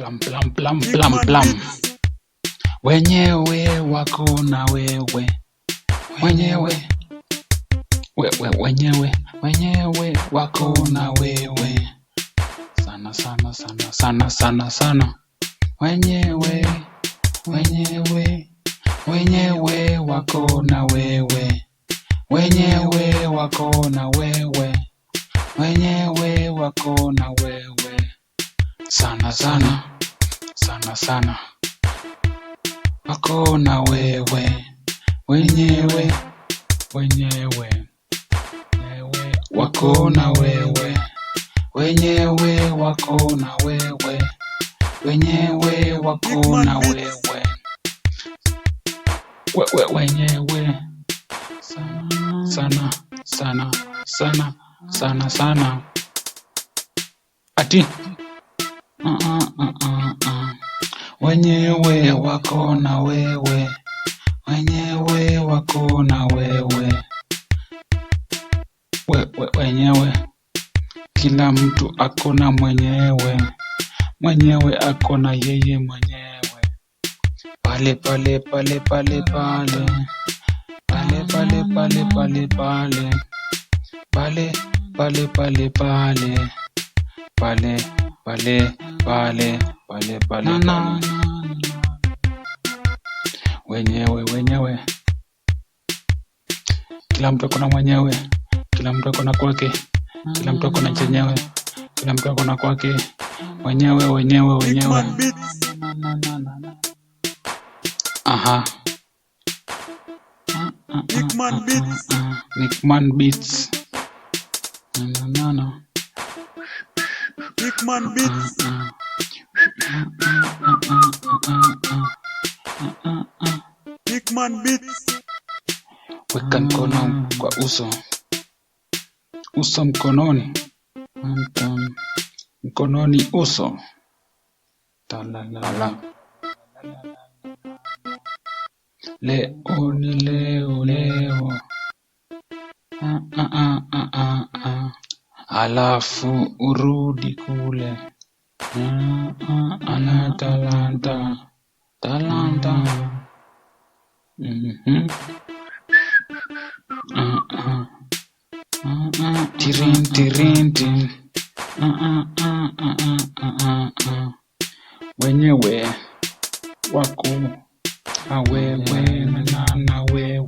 Plam, plam, plam, plam, plam. Wenyewe wako na wewe Wenyewe. wewe wenyewe wenyewe wako na wewe sana sana sana sana sana sana wenyewe wenyewe wenyewe wako na wewe wenyewe wako na wewe wenyewe wako na wewe sana sana sana sana akona wewe wenyewe wenyewe wakona wewe wenyewe wakona wewe wenyewe wakona wewe wewe wenyewe sana sana sana sana sana sana ati Wenyewe wako na wewe, wenyewe wako na wewe, wewe wenyewe. Kila mtu ako na mwenyewe, mwenyewe ako na yeye mwenyewe. Pale pale pale pale pale pale pale pale pale pale pale pale pale pale pale pale pale pale pale na, wenyewe wenyewe, kila mtu akona mwenyewe, kila mtu akona kwake, kila mtu akona chenyewe, kila mtu akona kwake, wenyewe wenyewe wenyewe. Aha. Nickman Beats. Nickman Beats. Na na na. Big man Beats. Big man Beats. Weka mkono kwa uso, uso mkononi, mkononi uso, talalala Leo ni leo leo, ah, ah, ah, ah, ah. ah halafu urudi kule ah, ah, ana talanta talanta wenyewe wako awewe ah, na na wewe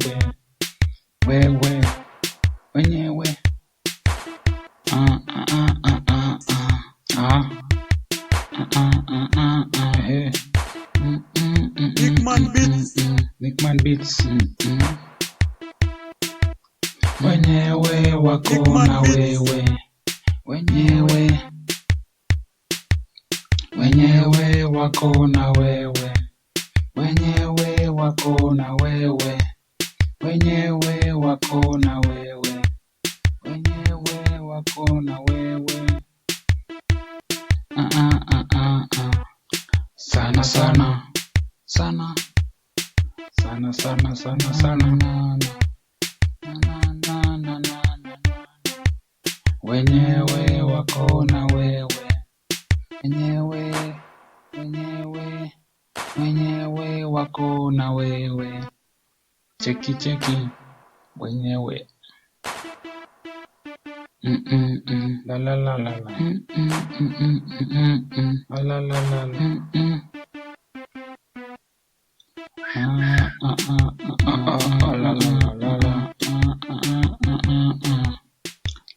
wewe Nickman Beats. Nickman Beats. Mm, mm. Wenyewe wako na wewe, wenyewe wenyewe wako na wewe, wenyewe wako na wewe, wenyewe wako na wewe, wenyewe wako na wewe, ah ah ah ah, ah. sana sana sana sana sana sana sana wenyewe wako na wewe wenyewe wenyewe wenyewe wako na wewe cheki cheki wenyewe mm, mm, mm. la la la la la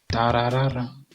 Da da da da.